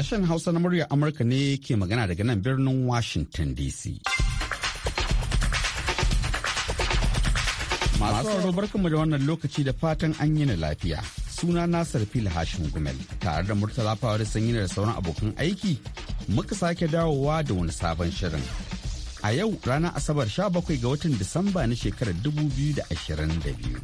Sashen Hausa na murya Amurka ne ke magana daga nan birnin Washington DC. Masu barkan mu da wannan lokaci da fatan an yi na lafiya. Suna nasar Fil Hashim Gumel tare da Murtala Fawar Sanyi da sauran abokan aiki muka sake dawowa da wani sabon shirin. A yau ranar Asabar 17 ga watan Disamba na shekarar 2022.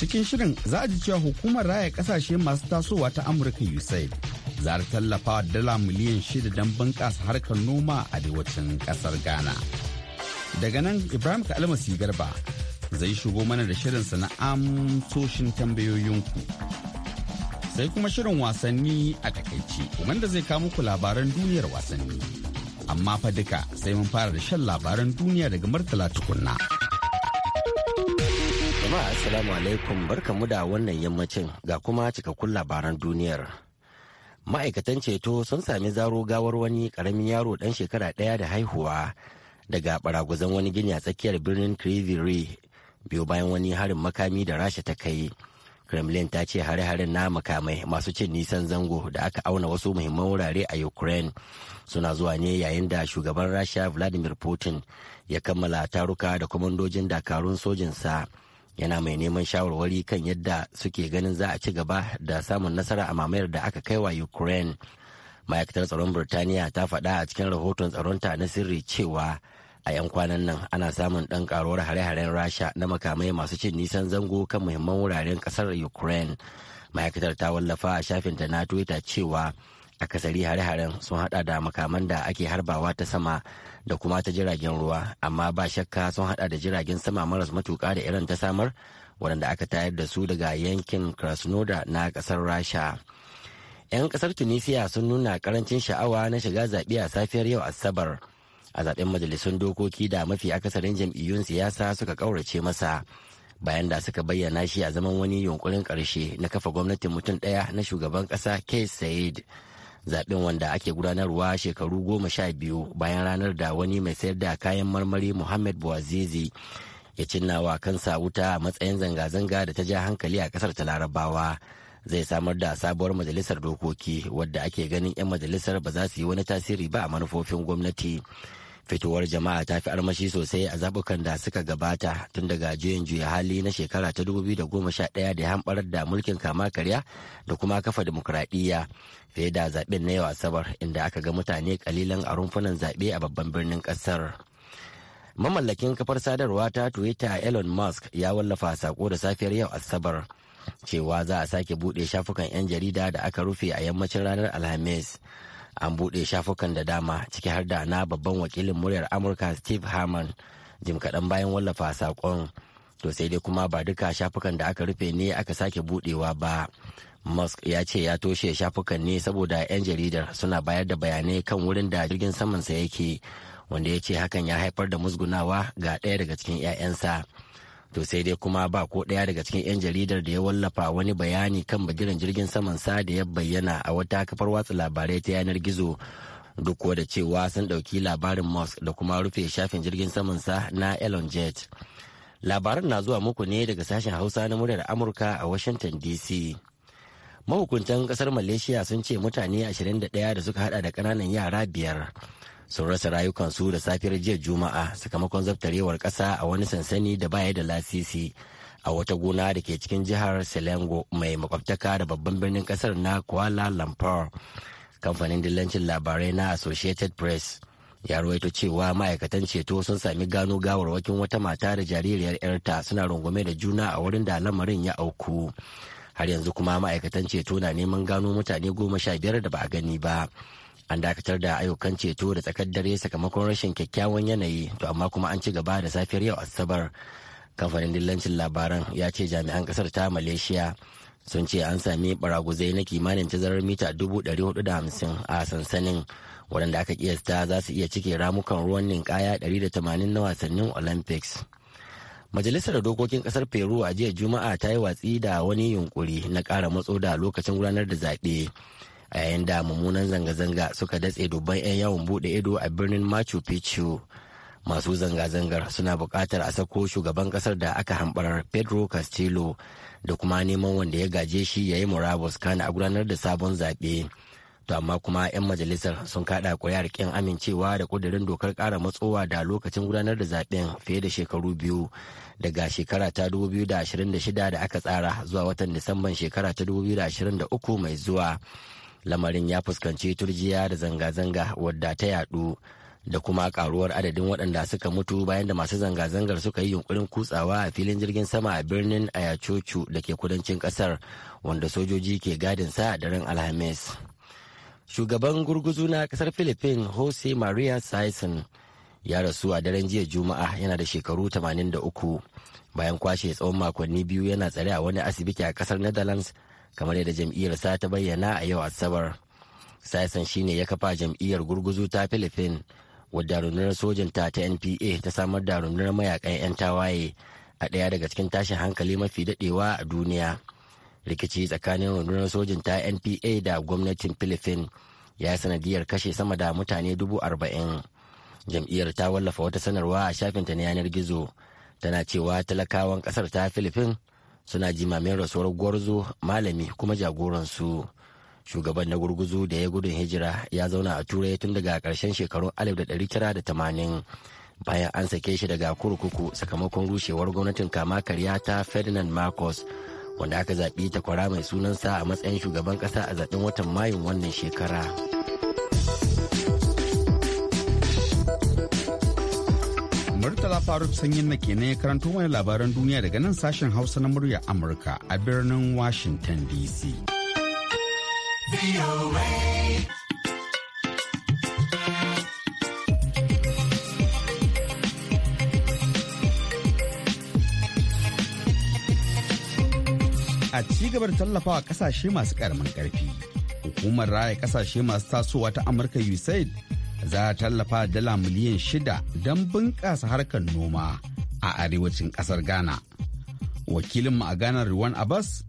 Cikin shirin za a ji cewa hukumar raya kasashe masu tasowa ta Amurka USAID za ta tallafa dala miliyan shida don bunƙasa harkar noma a arewacin ƙasar ghana daga nan ibrahim Almasi garba zai shigo mana da shirin na amsoshin tambayoyinku sai kuma shirin wasanni a takaice wanda zai kawo muku labaran duniyar wasanni amma fa duka sai mun fara da shan labaran duniya daga martala tukunna jama'a assalamu alaikum barkamu da wannan yammacin ga kuma cikakkun labaran duniyar ma'aikatan ceto sun sami zaro gawar wani karamin yaro dan shekara ɗaya da haihuwa daga ɓaraguzan wani gini a tsakiyar birnin kriviri biyu bayan wani harin makami da rasha ta kai kremlin ta ce hare-haren na makamai masu cin nisan zango da aka auna wasu muhimman wurare a ukraine suna zuwa ne yayin da shugaban rasha vladimir putin ya kammala taruka da kwamandojin dakarun sojinsa. yana mai neman shawarwari kan yadda suke ganin za a ci gaba da samun nasara a mamayar da aka kai wa ukraine ma'aikatar tsaron Birtaniya ta faɗa a cikin rahoton tsaronta na sirri cewa a 'yan kwanan nan ana samun ɗan karuwar hare-haren rasha na makamai masu cin nisan zango kan muhimman wuraren ƙasar ukraine ma'aikatar ta wallafa a shafinta na twitter cewa akasari hare-haren sun hada da makaman da ake harbawa ta sama da kuma ta jiragen ruwa amma ba shakka sun hada da jiragen sama maras matuka da irin ta samar waɗanda aka tayar da su daga yankin krasnodar na ƙasar rasha 'yan ƙasar tunisia sun nuna karancin sha'awa na shiga zaɓe a safiyar yau asabar a zaɓen majalisun dokoki da mafi akasarin jam'iyyun siyasa suka ƙaurace masa bayan da suka bayyana shi a zaman wani yunkurin ƙarshe na kafa gwamnatin mutum ɗaya na shugaban ƙasa kais sa'id zaɓen wanda ake gudanarwa shekaru goma sha biyu bayan ranar da wani mai sayar da kayan marmari muhammad bouazizi ya cinnawa wa kansa wuta a matsayin zanga-zanga da ta ja hankali a ƙasar ta larabawa zai samar da sabuwar majalisar dokoki wadda ake ganin 'yan majalisar ba za su yi wani tasiri ba a manufofin gwamnati. fitowar jama'a ta fi armashi sosai a zabukan da suka gabata tun daga juyin juya hali na shekara ta 2011 da hamɓarar da mulkin kama karya da kuma kafa demokuraɗiyya fiye da zaɓen na yau asabar inda aka ga mutane kalilan a rumfunan zaɓe a babban birnin ƙasar. mamallakin kafar sadarwa ta twitter elon musk ya wallafa sako da safiyar yau asabar cewa za a sake buɗe shafukan 'yan jarida da aka rufe a yammacin ranar alhamis an buɗe shafukan da dama ciki har da na babban wakilin muryar amurka steve harman jim kaɗan bayan wallafa saƙon to sai dai kuma ba duka shafukan da aka rufe ne aka sake buɗewa ba musk ya ce ya toshe shafukan ne saboda 'yan jaridar suna bayar da bayanai kan wurin da jirgin samansa yake wanda ya ce hakan ya haifar da musgunawa ga ɗaya daga cikin 'ya'yansa to sai dai kuma ba ko ɗaya daga cikin 'yan jaridar da ya wallafa wani bayani kan bagiran jirgin saman sa da ya bayyana a wata kafar watsa labarai ta yanar gizo duk da cewa sun ɗauki labarin musk da kuma rufe shafin jirgin saman sa na elon jet labaran na zuwa muku ne daga sashen hausa na muryar amurka a washington dc mahukuntan kasar malaysia sun ce mutane 21 da suka hada da ƙananan yara biyar sun rasa rayukansu da safiyar jiya juma'a sakamakon zabtarewar ƙasa a wani sansani da baya da lasisi a wata gona da ke cikin jihar selengo mai makwabtaka da babban birnin ƙasar na kuala lumpur kamfanin dillancin labarai na associated press ya ruwaito cewa ma'aikatan ceto sun sami gano gawarwakin wata mata da jaririyar 'yarta suna rungume da juna a wurin da lamarin ya auku har yanzu kuma ma'aikatan ceto na neman gano mutane goma sha biyar da ba a gani ba an dakatar da ayyukan ceto da tsakar dare sakamakon rashin kyakkyawan yanayi to amma kuma an ci gaba da safiyar yau asabar kamfanin dillancin labaran ya ce jami'an kasar ta malaysia sun ce an sami baraguzai na kimanin tazarar mita 450 a sansanin waɗanda aka kiyasta za su iya cike ramukan ruwan ninkaya 180 na wasannin olympics majalisar dokokin kasar peru a jiya juma'a ta yi watsi da wani yunkuri na ƙara matso da lokacin gudanar da zaɓe a yayin da mummunan zanga-zanga suka datse dubban 'yan yawon bude ido a birnin machu picchu masu zanga-zangar suna bukatar a sako shugaban ƙasar da aka hambarar pedro castillo da kuma neman wanda ya gaje shi ya yi murabus kana a gudanar da sabon zaɓe to amma kuma 'yan majalisar sun kaɗa ƙuri'ar ƙin amincewa da ƙudurin dokar kara matsowa da lokacin gudanar da zaɓen fiye da shekaru biyu daga shekara ta 2026 da aka tsara zuwa watan disamban shekara ta 2023 mai zuwa lamarin ya fuskanci turjiya da zanga-zanga wadda ta yadu da kuma karuwar adadin waɗanda suka mutu bayan da masu zanga-zangar suka yi yunkurin kutsawa a filin jirgin sama a birnin ayacocu da ke kudancin ƙasar wanda sojoji ke gadin sa daren daren alhamis shugaban gurguzu na ƙasar philippines jose maria sison ya rasu a daren jiya juma'a yana da shekaru 83 bayan kwashe tsawon makonni biyu yana tsare a wani asibiti a ƙasar netherlands kamar yadda jam'iyyarsa ta bayyana a yau asabar sison shine ya kafa jam'iyyar gurguzu ta philippine wadda rundunar sojanta ta npa ta samar da rundunar mayakan 'yan tawaye a ɗaya daga cikin tashin hankali mafi daɗewa a duniya rikici tsakanin rundunar sojin ta npa da gwamnatin filifin ya sanadiyar kashe sama da mutane dubu arba'in jam'iyyar ta wallafa wata sanarwa a shafinta na yanar gizo tana cewa talakawan ƙasar ta filifin suna jimamin rasuwar gwarzo malami kuma jagoransu shugaban na gurguzu da ya gudun hijira ya zauna a turai tun daga karshen shekarun 1980 bayan an sake shi daga kurkuku sakamakon rushewar gwamnatin kama karya ta ferdinand marcos wanda aka zaɓi takwara mai sunansa a matsayin shugaban ƙasa a zaɓen watan mayun wannan shekara. Murtala Faruk Sanyin na ke ya karanto mana labaran duniya daga nan sashen Hausa na murya Amurka a birnin Washington DC. A ci gabar tallafawa kasashe masu karamin karfi, hukumar raya kasashe masu tasowa ta Amurka USAID za a tallafa dala miliyan shida don bunƙasa harkar noma a arewacin ƙasar ghana wakilinmu a ghana ruwan abbas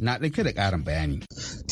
na ɗauke da ƙarin bayani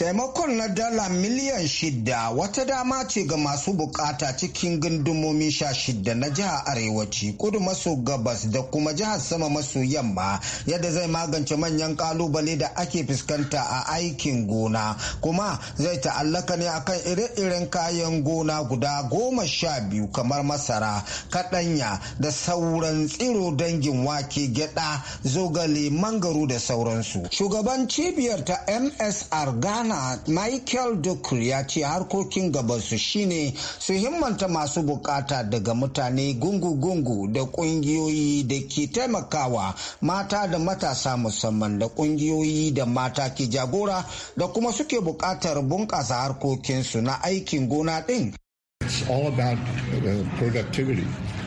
Taimakon na dala miliyan shida wata dama ce ga masu bukata cikin gundumomi sha shida na jihar Arewaci, kudu maso gabas da kuma jihar sama maso yamma yadda zai magance manyan kalubale da ake fuskanta a aikin gona kuma zai ta'allaka ne akan ire-iren kayan gona guda goma sha biyu kamar masara, kaɗanya da sauran tsiro dangin wake gyada zogale mangaro da sauransu. Shugaban cibiyar ta MSR Ghana ghana michael dukur ya ce harkokin gabansu shine su himmanta masu bukata daga mutane gungu-gungu da kungiyoyi da ke taimakawa mata da matasa musamman da kungiyoyi da mata ke jagora da kuma suke bukatar bunƙasa harkokinsu na aikin gona ɗin. It's uh,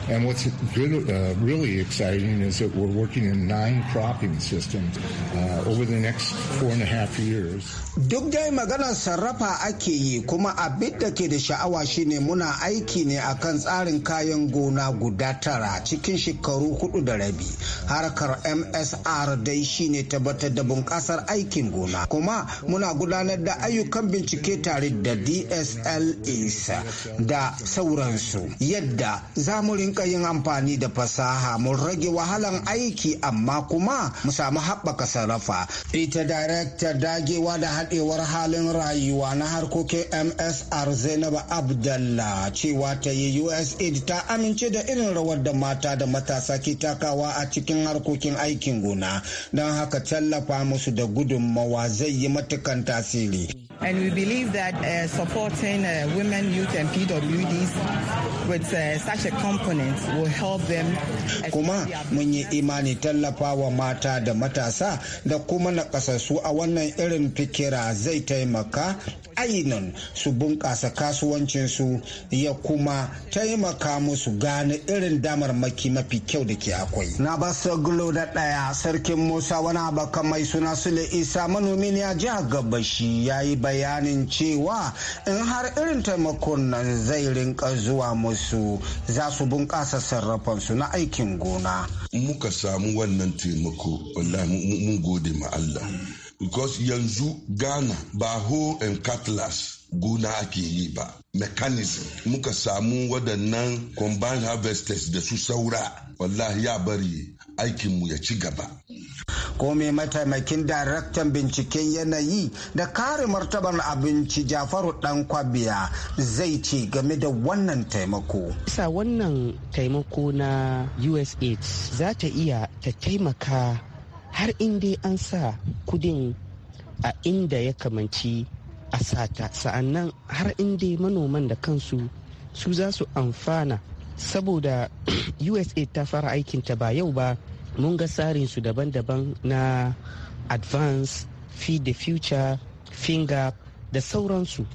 And what's really, uh, really exciting is that we're working in nine cropping systems uh, over the next four and a half years. Duk dai maganar sarrafa ake yi kuma abin da ke da sha'awa shine muna aiki ne akan tsarin kayan gona guda tara cikin shekaru hudu da rabi. Harkar MSR dai shine tabbatar da bunƙasar aikin gona. Kuma muna gudanar da ayyukan bincike tare da DSLEs da sauransu. Yadda zamurin rinka yin amfani da fasaha mun rage wahalan aiki amma kuma mu samu haɓaka sarrafa ita daraktar dagewa da haɗewar halin rayuwa na harkokin msr zainab Abdalla cewa ta yi usaid ta amince da irin rawar da mata da matasa ke takawa a cikin harkokin aikin gona don haka tallafa musu da gudunmawa zai yi matukan tasiri And we believe that uh, supporting uh, women, youth, and PWDs with uh, such a component will help them. Kuma mun yi imani tallafawa mata da matasa da kuma na kasasu a wannan irin fikira zai taimaka ainihin su bunƙasa kasuwancinsu ya kuma taimaka musu gane irin damarmaki mafi kyau da ke akwai. Na ba gulo da ɗaya sarkin Musa wani abu mai suna Sule Isa manomi ne a jihar Gabashi ya yi bayanin cewa in har irin taimakon nan zai rinka zuwa musu za su bunƙasa sarrafansu na aikin gona. Muka samu wannan taimako, mun gode ma Allah. Because yanzu Ghana ba ho and cutlass gona ake yi ba. Mechanism muka samu waɗannan combined harvesters da su saura. Wallahi ya bari aikinmu ya ci gaba. mai mataimakin daraktan binciken yanayi da kare martabar abinci jafaru dan kwabiya zai ce game da wannan taimako bisa wannan taimako na usaid za ta iya ta taimaka har inda an sa kudin a inda ya kamanci a sata sa'annan har inda manoman da kansu su za su amfana saboda usa ta fara aikinta ba yau ba mun ga tsarin su daban-daban na advance feed the future finger da sauransu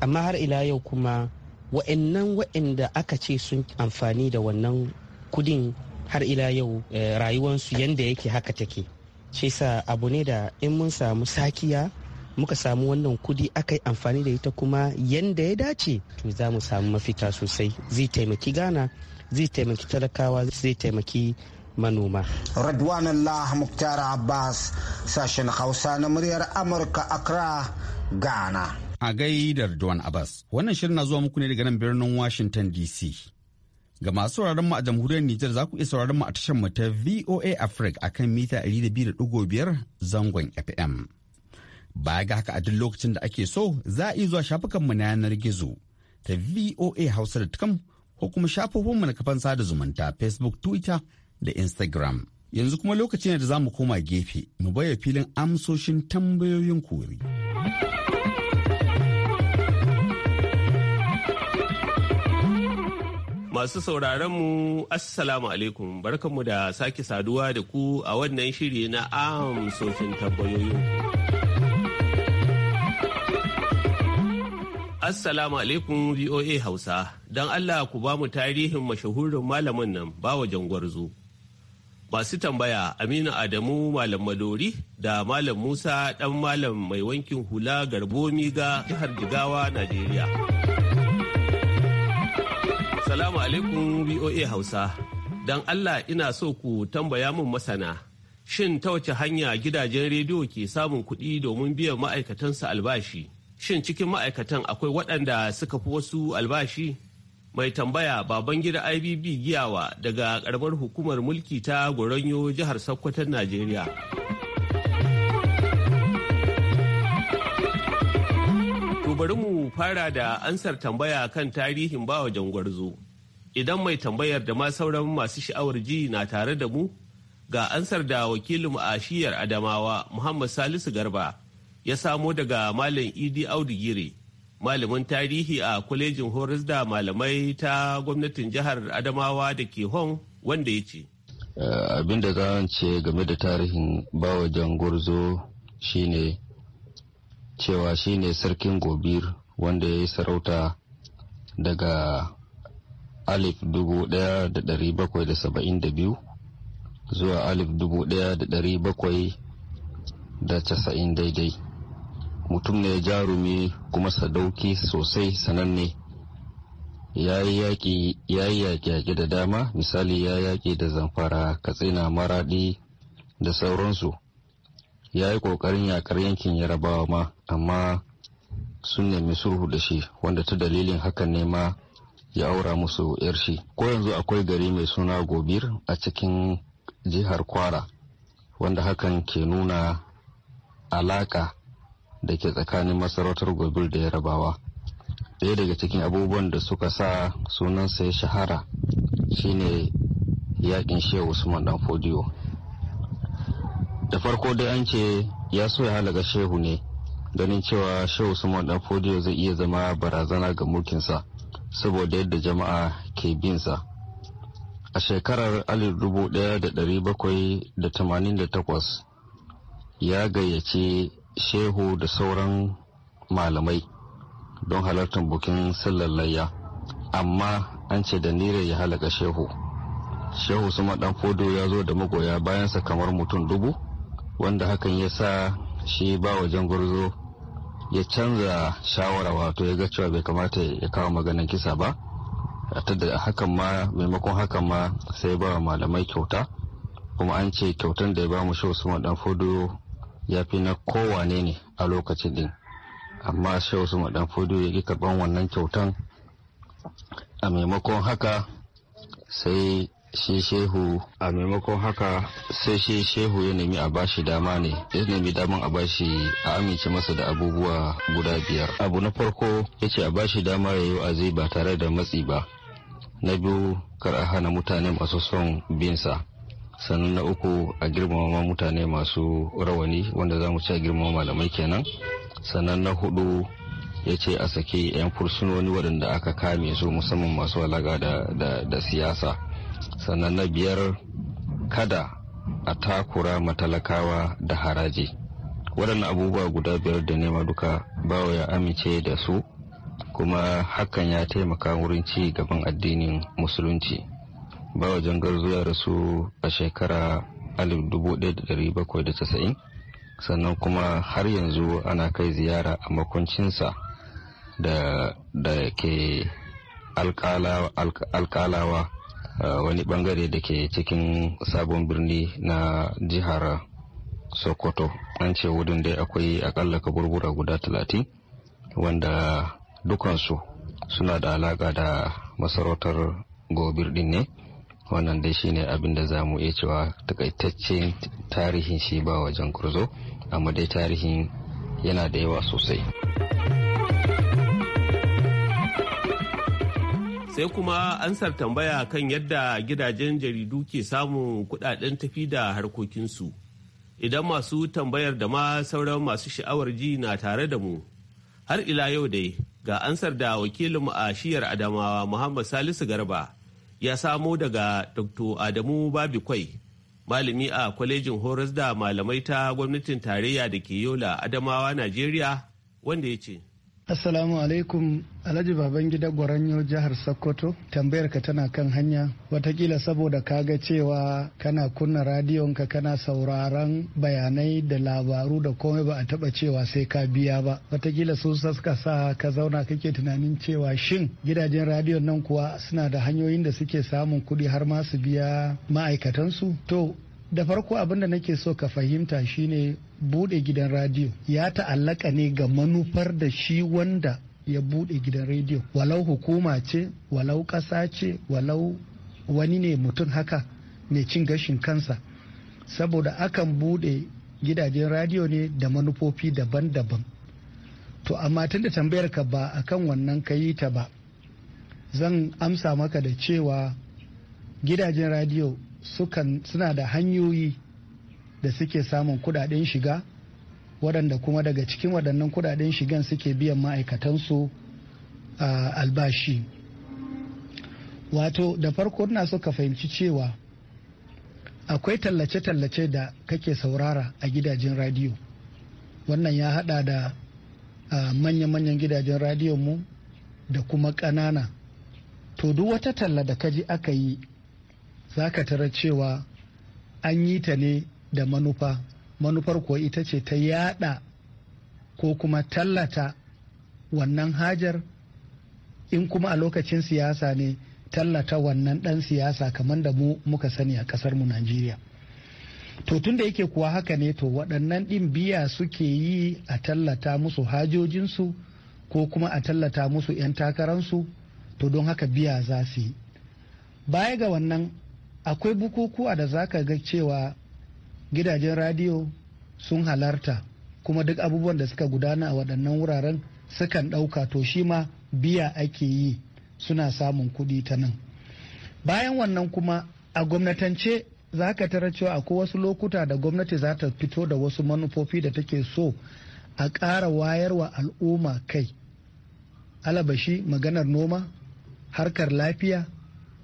amma har ila yau kuma wa'annan wa'anda aka ce sun amfani da wannan kudin har ila yau eh, rayuwansu yadda yake haka take ce sa abu ne da in mun samu sakiya muka samu wannan kudi aka yi amfani da ita kuma yadda ya dace to za mu samu mafita sosai zai taimaki gana zai taimaki talakawa zai taimaki manoma. Radwanallah Mukhtar Abbas sashen Hausa na muryar Amurka Accra, Ghana. A gaidar Radwan Abbas, wannan shirin na zuwa muku ne daga nan birnin Washington DC. Ga masu sauraron mu a jamhuriyar Nijar za ku iya sauraron mu a tashar mu ta VOA Africa akan mita 200.5 zangon FM. Baya ga haka a duk lokacin da ake so za a iya zuwa shafukan mu na yanar gizo ta voa hausa.com ko kuma shafofinmu na kafan sada zumunta Facebook, Twitter, da Instagram. Yanzu kuma lokaci ne da za mu koma gefe mu baya filin amsoshin tambayoyin kori. Masu sauraronmu mu Assalamu alaikum barkanmu da sake saduwa da ku a wannan shiri na amsoshin tambayoyin. Assalamu alaikum VOA Hausa, don Allah ku ba mu tarihin mashahurin malamin nan ba bawa gwarzo masu tambaya aminu adamu malam madori da malam musa ɗan malam mai wankin hula garbomi ga jihar jigawa najeriya salamu alaikum voa hausa don allah ina so ku tambaya mun masana shin ta wace hanya gidajen rediyo ke samun kuɗi domin biyan ma'aikatansa albashi shin cikin ma'aikatan akwai waɗanda suka fi wasu albashi mai tambaya baban gida ibb giyawa daga karamar hukumar mulki ta goronyo jihar sokoton najeriya bari mu fara da ansar tambaya kan tarihin bawa jangwarzo idan mai tambayar da ma sauran masu sha'awar ji na tare da mu ga ansar da wakilin a shiyar adamawa muhammad salisu garba ya samo daga malam idi audu gire malamin tarihi a kwalejin horis da malamai ta gwamnatin jihar adamawa da ke hon wanda ya ce eh, abin da za ce game da tarihin bawa jangurzo shine cewa shine sarkin gobir wanda ya yi sarauta daga alif dubu daya da dari bakwai da saba'in da biyu zuwa alif dubu daya da dari bakwai da casa'in daidai mutum ne jarumi kuma sadauki sosai sananne ya yi yaƙi da dama misali ya yaƙi da zamfara katsina maraɗi da sauransu ya yi ƙoƙarin yaƙar yankin yarabawa ma amma sun nemi sulhu da shi wanda ta dalilin hakan ne ma ya aura musu yar shi ko yanzu akwai gari mai suna gobir a cikin jihar kwara wanda hakan ke nuna alaka da ke tsakanin masarautar gobir da yarabawa ɗaya daga cikin abubuwan da suka sa sunansa ya shahara shine yakin shehu usman dan fodiyo da farko dai an ce ya so ya halaga shehu ne ganin cewa shehu usman dan fodiyo zai iya zama barazana ga mulkinsa saboda yadda jama'a ke binsa a shekarar 1788 ya gayyace shehu da sauran malamai don halartar bukin sallar layya amma an ce da nira ya halaka shehu shehu su dan fodo ya zo da magoya bayansa kamar mutum dubu wanda hakan ya sa shi ba wajen gurzo ya canza shawara wato ya ga cewa bai kamata ya kawo maganin kisa ba ta da hakan ma maimakon hakan ma sai ba malamai kyauta kuma an ce kyautan da ya ba mu shehu su dan fodo ya fi na kowane ne a lokacin din amma shehu su dan fudu ya ƙi karɓan wannan kyautan a maimakon haka sai shi shehu a maimakon haka sai shi shehu ya nemi a bashi dama ne ya nemi daman a bashi a amince masa da abubuwa guda biyar abu na farko ya ce a bashi dama ya yi wa'azi ba tare da matsi ba na biyu kar a hana mutane masu son binsa sannan na uku a girmama mutane masu rawani wanda za mu ci a girmama malamai kenan sannan na hudu ya ce a sake 'yan fursunoni waɗanda aka kame su musamman masu alaƙa da, siyasa sannan na biyar kada a takura matalakawa da haraji waɗannan abubuwa guda biyar da nema duka bawa ya amince da su kuma hakan ya taimaka wurin ci gaban addinin musulunci bawa jangarzo da su a shekara 1790 sannan kuma har yanzu ana kai ziyara a makuncinsa da, ke alkalawa, wani bangare da ke cikin sabon birni na jihar sokoto an ce wurin dai akwai akalla kaburbura guda talatin wanda dukansu suna da alaka da masarautar gobir din ne wannan dai shine abin da za mu iya cewa takaitaccen tarihin shi ba wajen kurzo amma dai tarihin yana da yawa sosai sai kuma ansar tambaya kan yadda gidajen jaridu ke samun kudaden tafi da harkokinsu idan masu tambayar da ma sauran masu sha'awar ji na tare da mu har ila yau dai ga ansar da wakilinmu a shiyar adamawa muhammad salisu garba ya samo daga Dr. Adamu Babikwai, malami a kwalejin horas da malamai ta gwamnatin tarayya da ke Yola Adamawa, Najeriya, wanda ya ce. Assalamu alaikum Alhaji Babangida Gwaranyo jihar Sokoto tambayar ka tana kan hanya watakila saboda ka ga cewa kana kunna radiyon ka kana sauraron bayanai da labaru da komai ba a taba cewa sai ka biya ba watakila su saska sa ka zauna kake tunanin cewa shin gidajen radiyon nan kuwa suna da hanyoyin da suke samun kuɗi har ma su biya ma'aikatansu to da farko abin da nake so ka fahimta shine bude gidan radio ya ta'allaka ne ga manufar da shi wanda ya bude gidan radio walau hukuma ce walau ƙasa ce walau wani ne mutum haka mai cin gashin kansa saboda akan bude gidajen radio ne da manufofi daban-daban to amma tunda tambayar ka ba kan wannan kayi ta ba zan amsa maka da cewa gidajen radio suna da hanyoyi da suke samun kudaden shiga waɗanda kuma daga cikin waɗannan kudaden shigan suke biyan ma'aikatansu a albashi wato da farko na suka fahimci cewa akwai tallace-tallace da kake saurara a gidajen radio wannan ya hada da manya-manyan gidajen radio mu da kuma ƙanana to duk wata talla da kaji aka yi za ka tara cewa an yi ta ne da manufa manufar kuwa ita ce ta yada ko kuma tallata wannan hajar in kuma a lokacin siyasa ne tallata wannan dan siyasa kamar da mu muka sani a kasar mu Najeriya. To tun da yake kuwa haka ne to waɗannan ɗin biya suke yi a tallata musu hajojinsu ko kuma a tallata musu 'yan takararsu to don haka biya za su yi. Baya ga wannan akwai bukukuwa da za ka ga cewa gidajen radio sun halarta kuma duk abubuwan da suka gudana a waɗannan wuraren sukan ɗauka to shi ma biya ake yi suna samun kuɗi ta nan bayan wannan kuma a gwamnatance za ka tara cewa akwai wasu lokuta da gwamnati za ta fito da wasu manufofi da take so a ƙara wayarwa al'umma kai alabashi maganar noma harkar lafiya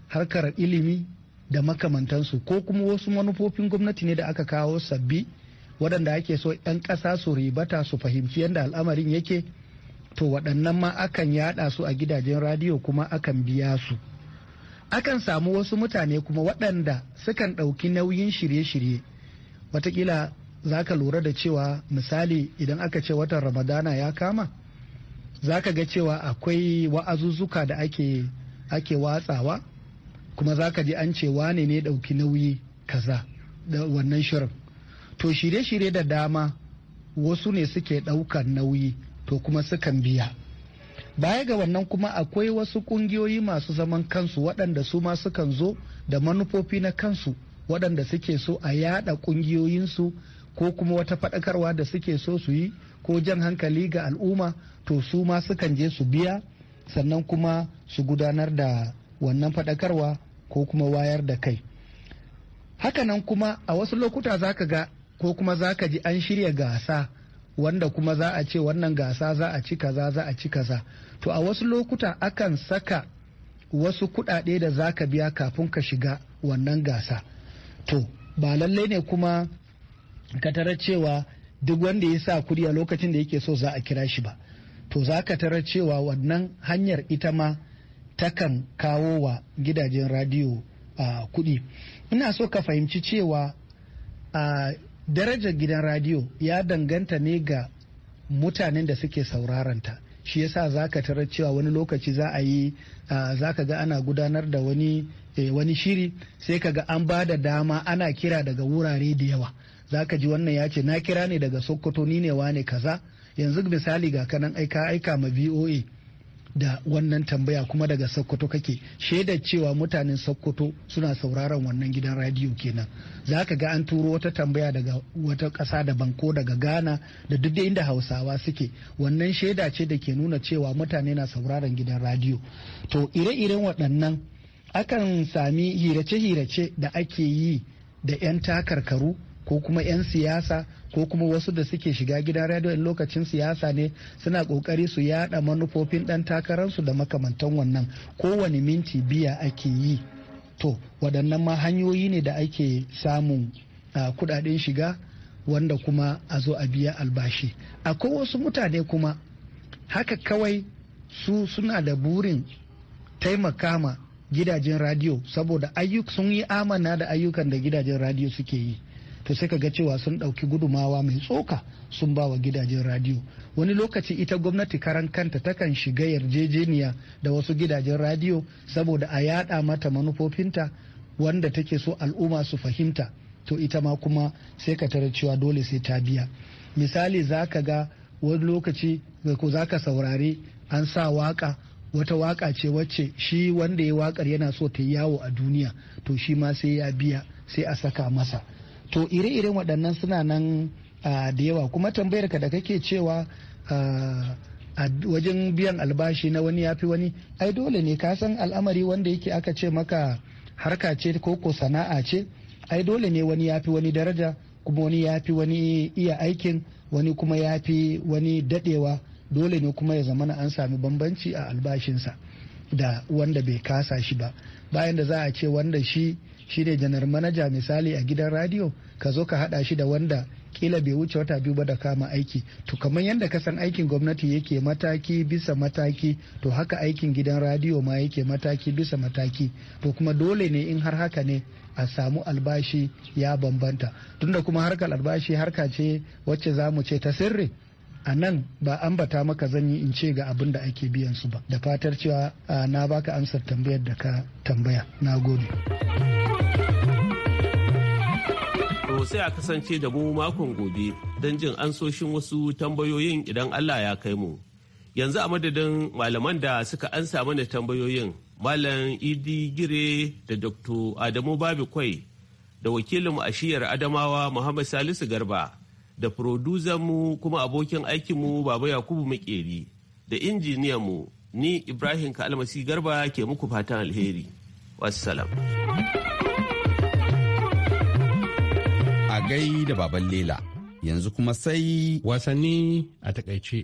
harkar ilimi da makamantansu ko kuma wasu manufofin gwamnati ne da aka kawo sabbi waɗanda ake so 'yan ƙasa su ribata su fahimci yadda al'amarin yake to waɗannan ma akan yaɗa su a gidajen radiyo kuma akan biya su akan samu wasu mutane kuma waɗanda sukan ɗauki nauyin shirye-shirye watakila za ka lura da cewa misali idan aka ce watan ramadana ya kama za ka ga cewa akwai wa'azuzzuka da ake, ake watsawa kuma za ka ji an ce wane ne ɗauki nauyi kaza da wannan shirin to shirye-shirye da dama wasu ne suke ɗaukar nauyi to kuma sukan biya baya ga wannan kuma akwai wasu ƙungiyoyi masu zaman kansu waɗanda su ma sukan zo da manufofi na kansu waɗanda suke so a yada kungiyoyinsu ko kuma wata faɗakarwa da suke so su yi ko jan hankali ga al'umma to su ma sukan je su biya sannan kuma su gudanar da wannan faɗakarwa ko kuma wayar da kai hakanan kuma a wasu lokuta za ka ga ko kuma za ka ji an shirya gasa wanda kuma za a ce wannan gasa za a ci kaza za a ci kaza to a wasu lokuta akan saka wasu kuɗaɗe da za ka biya kafin ka shiga wannan gasa to ba lallai ne kuma ka tara cewa duk wanda ya sa kuɗi a lokacin da yake so za a kira shi ba to za ka tara cewa wannan hanyar ita ma takan kawo wa gidajen radiyo uh, kuɗi ina so ka fahimci cewa uh, darajar gidan radiyo ya danganta ne ga mutanen da suke sauraranta shi yasa za ka tarar cewa wani lokaci za a yi za ka ga ana gudanar da wani e, wani shiri sai ka ga an ba da dama ana kira daga wurare da yawa za ka ji wannan ya ce na kira ne daga sokoto ni ne wa ne kaza yanzu misali ga kanan aika aika ma voa da wannan tambaya kuma daga sokoto kake shaida cewa mutanen sokoto suna sauraron wannan gidan radiyo kenan za ka ga an turo wata tambaya daga wata ƙasa daban ko daga ghana da duk da inda hausawa suke wannan shaida ce da ke nuna cewa mutane na sauraron gidan radiyo to ire-iren waɗannan akan sami hirace-hirace da ake yi da 'yan takarkaru ko kuma 'yan siyasa ko kuma wasu da suke shiga gidan radio in lokacin siyasa ne suna kokari su yada manufofin dan takararsu da makamantan wannan kowane minti biya ake yi to waɗannan ma hanyoyi ne da ake samun kudaden shiga wanda kuma a zo a biya albashi akwai wasu mutane kuma haka kawai su suna da burin taimaka ma gidajen radio saboda sun yi amana da ayyukan da gidajen radio suke yi to sai ka ga cewa sun ɗauki gudumawa mai tsoka sun ba wa gidajen radio wani lokaci ita gwamnati karan kanta takan shiga yarjejeniya da wasu gidajen radio saboda a yada mata manufofinta wanda take so al'umma su fahimta to ita ma kuma sai ka tarar cewa dole sai ta biya misali za ka ga wani lokaci ko za ka saurari an sa waka wata waka ce wacce shi wanda ya wakar yana so ta yawo a duniya to shi ma sai ya biya sai a saka masa to ire-iren waɗannan suna nan da yawa kuma tambayar ka da kake cewa a wajen biyan albashi na wani ya fi wani ai dole ne ka san al'amari wanda yake aka ce maka harka ce ko sana'a ce ai dole ne wani ya fi wani daraja kuma wani ya fi wani iya aikin wani kuma ya fi wani dadewa dole ne kuma ya zamana an sami bambanci a albashinsa da wanda bai kasa shi ba bayan da za a ce wanda shi shi ne janar manaja misali a gidan radio ka zo ka hada shi da wanda kila bai wuce wata biyu ba da kama aiki to kamar yadda ka san aikin gwamnati yake mataki bisa mataki to haka aikin gidan radio ma yake mataki bisa mataki to kuma dole ne in har haka ne a samu albashi ya bambanta tunda kuma harkar albashi harka ce wacce za mu ce ta sirri a nan ba ambata maka zanyi in ce ga abin da ake biyan su ba da fatar cewa na baka amsar tambayar da ka tambaya na gode. sai a kasance da mu makon gobe don jin ansoshin wasu tambayoyin idan Allah ya kai mu. Yanzu a madadin malaman da suka ansa mana tambayoyin Malam Idi Gire da Dr. Adamu Babi Kwai da wakilin a shiyar Adamawa Muhammad Salisu Garba da mu kuma abokin aikinmu Baba Yakubu Makeri da mu ni Ibrahim Kalmasi Garba ke muku fatan alheri. Wassalam. gai da baban lela yanzu kuma sai wasanni a takaice.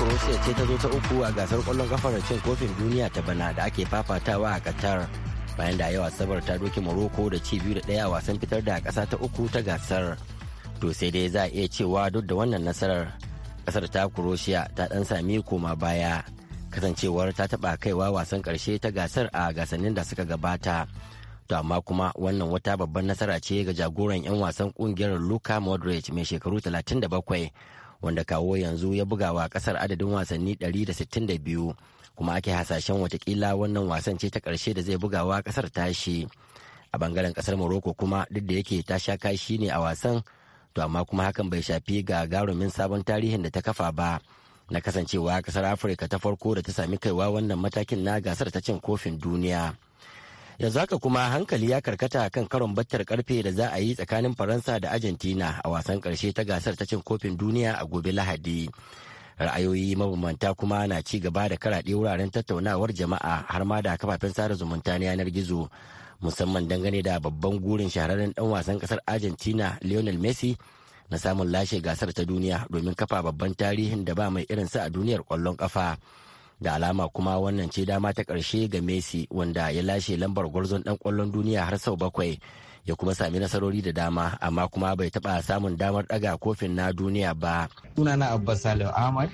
Croatia ce ta zo ta uku a gasar kwallon kafar cin kofin duniya ta bana da ake fafatawa a Qatar bayan da yawa sabar ta doke Morocco da ci biyu da ɗaya wasan fitar da kasa ta uku ta gasar. To sai dai za a iya cewa duk da wannan nasarar kasar ta kuroshiya ta dan sami koma baya kasancewar ta taba kaiwa wasan karshe ta gasar a gasannin da suka gabata to amma kuma wannan wata babban nasara ce ga jagoran 'yan wasan kungiyar luka modric mai shekaru 37 wanda kawo yanzu ya buga wa kasar adadin wasanni 162 kuma ake hasashen watakila wannan wasan ce ta karshe da zai bugawa kasar tashi a bangaren kasar morocco kuma duk da yake ta sha kashi ne a wasan to amma kuma hakan bai shafi gagarumin sabon tarihin da ta kafa ba na kasancewa kasar afirka ta farko da ta sami kaiwa wannan matakin na gasar ta cin kofin duniya yanzu haka kuma hankali ya karkata kan karon battar karfe da za a yi tsakanin faransa da argentina a wasan karshe ta gasar ta cin kofin duniya a gobe lahadi ra'ayoyi mabambanta kuma na ci gaba da karaɗe wuraren tattaunawar jama'a har ma da kafafen sada zumunta na yanar gizo musamman dangane da babban gurin shahararren dan wasan kasar argentina lionel messi na samun lashe gasar ta duniya domin kafa babban tarihin da ba mai irin irinsa a duniyar kwallon kafa da alama kuma wannan ce dama ta karshe ga messi wanda ya lashe lambar gwarzon dan kwallon duniya har sau bakwai ya kuma sami nasarori da dama amma kuma bai taɓa samun damar ɗaga kofin na duniya ba sunana abbas salihu ahmad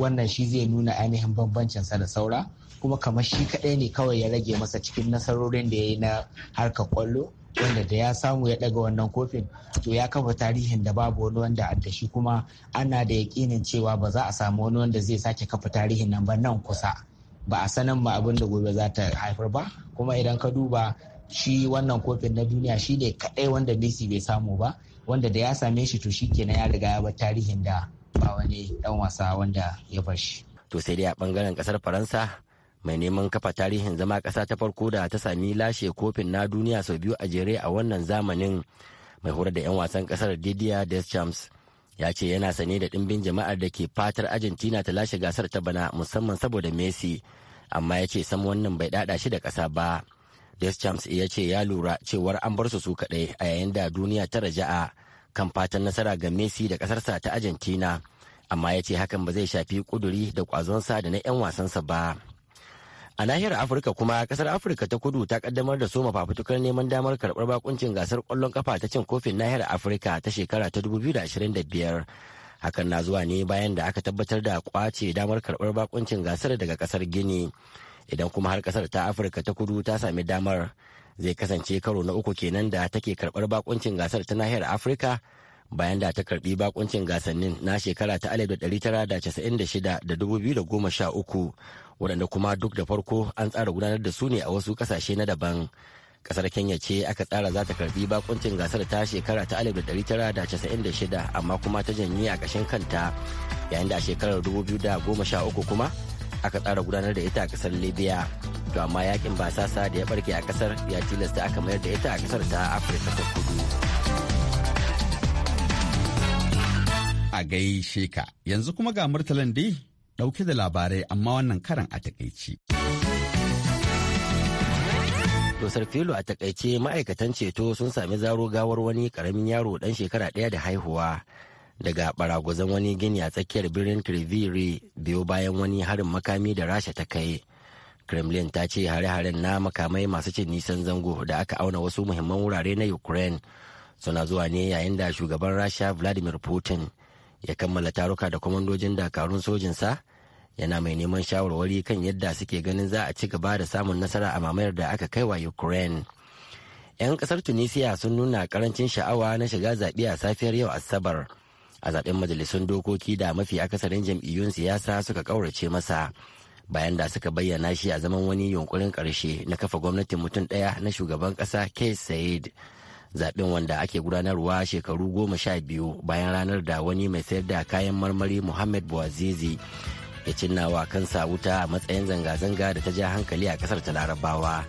wannan shi zai nuna ainihin bambancin sa da saura kuma kamar shi kadai ne kawai ya rage masa cikin nasarorin da ya yi na harkar kwallo wanda da ya samu ya daga wannan kofin to ya kafa tarihin da babu wani wanda da shi kuma ana da yakinin cewa ba za a samu wani wanda zai sake kafa tarihin nan ba nan kusa ba a sanin ma abin da gobe za ta haifar ba kuma idan ka duba shi wannan kofin na duniya shi ne kadai wanda Messi bai samu ba wanda da ya same shi to shi kenan ya riga ya bar tarihin da ba wani dan wasa wanda ya bar shi to sai dai a bangaren kasar faransa mai neman kafa tarihin zama ƙasa ta farko da ta sami lashe kofin na duniya sau biyu a jere a wannan zamanin mai horar da 'yan wasan ƙasar didier deschamps ya ce yana sane da ɗimbin jama'ar da ke fatar argentina ta lashe gasar ta bana musamman saboda messi amma ya ce san wannan bai dada shi da ƙasa ba deschamps ya ce ya lura cewar an bar su su kaɗai a yayin da duniya ta raja'a kan fatan nasara ga messi da kasarsa ta argentina amma ya ce hakan ba zai shafi kuduri da kwazonsa da na 'yan wasansa ba. A nahiyar Afirka kuma kasar Afirka ta kudu ta kaddamar da soma fafutukar neman damar karɓar bakuncin gasar ƙwallon kafa ta cin kofin nahiyar Afirka ta shekara ta 2025. Hakan na zuwa ne bayan da aka tabbatar da kwace damar karɓar bakuncin gasar daga kasar Gini. Idan kuma har kasar ta Afirka ta kudu ta sami damar zai kasance karo na uku kenan da take karɓar bakuncin gasar ta nahiyar Afirka bayan da ta karbi bakuncin gasannin na shekara ta 1996 da 2013 waɗanda kuma duk da farko an tsara gudanar da su ne a wasu kasashe na daban kasar kenya ce aka tsara za ta karbi bakuncin gasar ta shekara ta 1996 amma kuma ta janye a ƙashin kanta yayin da a shekarar 2013 kuma aka tsara gudanar da ita a kasar libya to amma yakin basasa da ya barke a kasar ya tilasta aka mayar da ita a kasar ta afirka ta kudu gaishe ka yanzu kuma ga murtalan dai ɗauke da labarai amma wannan karan a takaici. Dosar filo a takaice ma'aikatan ceto sun sami zaro gawar wani karamin yaro ɗan shekara ɗaya da haihuwa daga baragwazon wani gini a tsakiyar birnin Kriviri biyo bayan wani harin makami da rasha ta kai. Kremlin ta ce hare-haren na makamai masu cin nisan zango da aka auna wasu muhimman wurare na Ukraine suna zuwa ne yayin da shugaban Rasha Vladimir Putin ya kammala taruka da kwamandojin dakarun sojinsa yana mai neman shawarwari kan yadda suke ganin za a ci gaba da samun nasara a mamayar da aka kai wa ukraine 'yan kasar tunisia sun nuna karancin sha'awa na shiga zaɓe a safiyar yau asabar a zaɓen majalisun dokoki da mafi akasarin jam'iyyun siyasa suka ƙaurace masa bayan da suka bayyana shi a zaman wani yunkurin ƙarshe na kafa gwamnatin mutum ɗaya na shugaban ƙasa kai sa'id. zaɓen wanda ake gudanarwa shekaru goma sha biyu bayan ranar da wani mai sayar da kayan marmari muhammad bouazizi ya cinnawa kansa wuta a matsayin zanga-zanga da ta ja hankali a ƙasar ta larabawa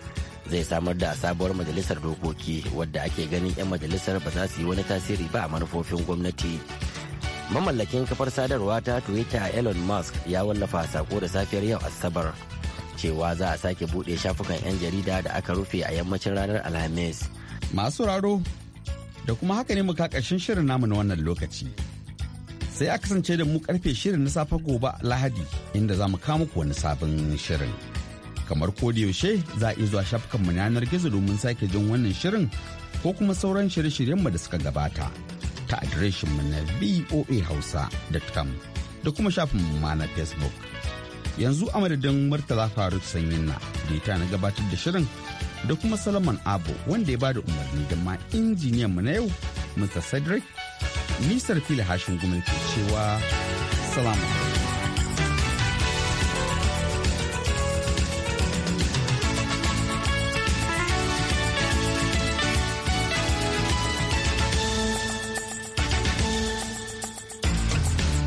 zai samar da sabuwar majalisar dokoki wadda ake ganin 'yan majalisar ba za su yi wani tasiri ba a manufofin gwamnati mamallakin kafar sadarwa ta twitter elon musk ya wallafa sako da safiyar yau asabar cewa za a sake buɗe shafukan 'yan jarida da aka rufe a yammacin ranar alhamis Masu raro da kuma haka ne muka ƙarshen shirin namu na wannan lokaci. Sai a kasance da mu karfe shirin na safe gobe Lahadi inda za mu kama ku wani sabon shirin. Kamar yaushe za a iya zuwa shafukanmu na yanar gizo domin sake jin wannan shirin ko kuma sauran shirye-shiryenmu da suka gabata ta mu na voahausa.com da kuma shafin ma na Facebook. Yanzu a madadin Murtala Faruk Sanyin na da na gabatar da shirin da kuma Solomon Abo wanda ya ba da umarni da ma injiniyanmu na yau Mr. Cedric Nisar Fili Hashin Gumin cewa salamu.